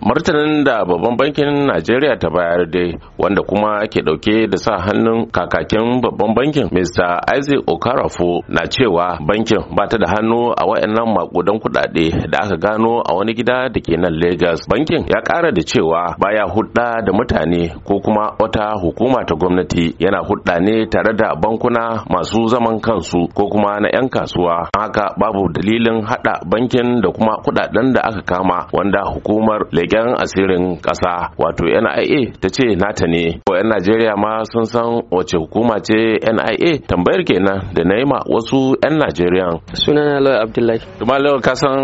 martanin da babban bankin najeriya ta bayar dai wanda kuma ke dauke da sa hannun kakakin babban bankin mr isaac okarafo na cewa bankin ba ta da hannu a wayannan makudan kudade da aka gano a wani gida da ke nan lagos bankin ya kara da cewa baya hudda da mutane ko kuma wata hukuma ta gwamnati yana hudda ne tare da bankuna masu zaman kansu ko kuma na 'yan kasuwa haka babu dalilin hada bankin da kuma kudaden da aka kama wanda hukumar leƙen asirin ƙasa wato nia ta ce nata ne ko 'yan najeriya ma sun san wace hukuma ce nia tambayar kenan da na yi ma wasu 'yan najeriya sunana lawyer abdullahi kuma lawyer ka san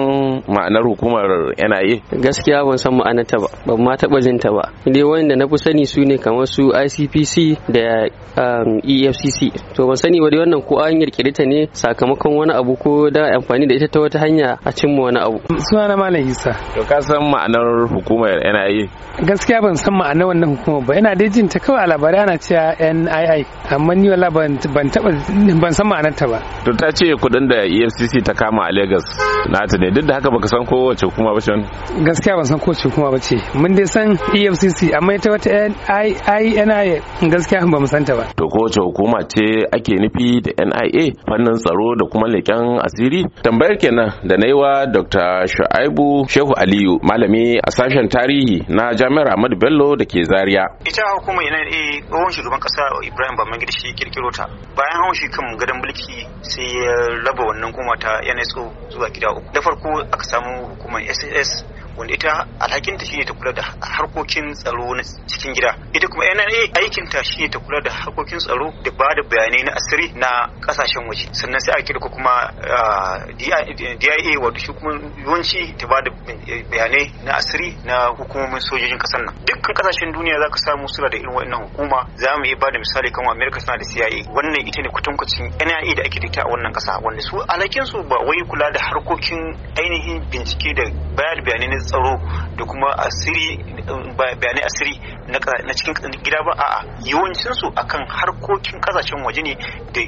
ma'anar hukumar nia gaskiya ban san ma'anar ta ba ban ma taɓa jin ta ba dai wanda na fi sani su ne kamar su icpc da um, efcc to ban sani ba dai wannan ko an kirkiri ta ne sakamakon wani abu ko da amfani da ita ta wata hanya a cimma wani abu sunana malam isa to ka san ma'anar hukumar NIA gaskiya ban san ma'anar wannan hukumar ba ina dai jin ta kawai labarai ana cewa NIA amma ni wala ban taba ban san ma'anar ta ba to ta ce kudin da EFCC ta kama a Lagos nata ne duk da haka baka san kowace hukuma ba ce gaskiya ban san kowace hukuma ba ce mun dai san efcc amma ita wata nia gaskiya ba mu san ta ba to kowace hukuma ce ake nufi da nia fannin tsaro da kuma leƙen asiri tambayar kenan da na yi wa dr shu'aibu shehu aliyu malami a sashen tarihi na jami'ar ahmadu bello da ke zaria ita hukumar nia tsohon shugaban kasa ibrahim babangida shi kirkiro ta bayan hawan shi kan gadon mulki sai ya raba wannan kuma ta nso zuwa gida guda uku da farko aka samu hukumar ss wanda ita alhakinta shine ta kula da harkokin tsaro na cikin gida ita kuma NNA aikinta shine ta kula da harkokin tsaro da ba da bayanai na asiri na kasashen waje sannan sai a kirka kuma DIA wato shi kuma yawanci ta ba da bayanai na asiri na hukumomin sojojin kasar nan dukkan kasashen duniya zaka samu suna da irin wannan hukuma za mu iya ba da misali kamar America suna da CIA wannan ita ne kutankucin NIA da ake da a wannan kasa wanda su alhakin su ba wai kula da harkokin ainihin bincike da bayar bayanai tsaro da kuma asiri bayanai asiri na cikin gida ba a'a yawancin su akan harkokin kasashen waje ne da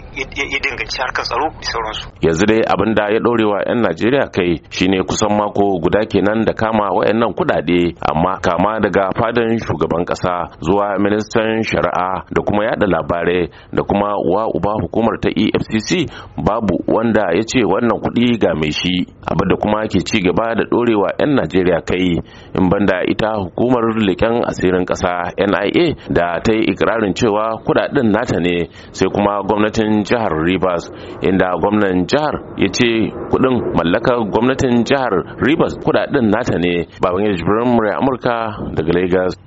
ya danganci harkar tsaro da sauransu yanzu dai abin da ya dorewa yan Najeriya kai shine kusan mako guda kenan da kama wayannan kudade amma kama daga fadan shugaban kasa zuwa ministan shari'a da kuma yada labarai da kuma wa uba hukumar ta EFCC babu wanda ya ce wannan kuɗi ga mai shi abu da kuma ke ci gaba da dorewa yan Najeriya kai in banda ita hukumar leken asirin ƙasa kasa nia da ta yi ikirarin cewa kudaden nata ne sai kuma gwamnatin jihar rivers inda gwamnan jihar ya ce kudin mallakar gwamnatin jihar rivers kudaden nata ne baban ya jibirin murya amurka daga lagos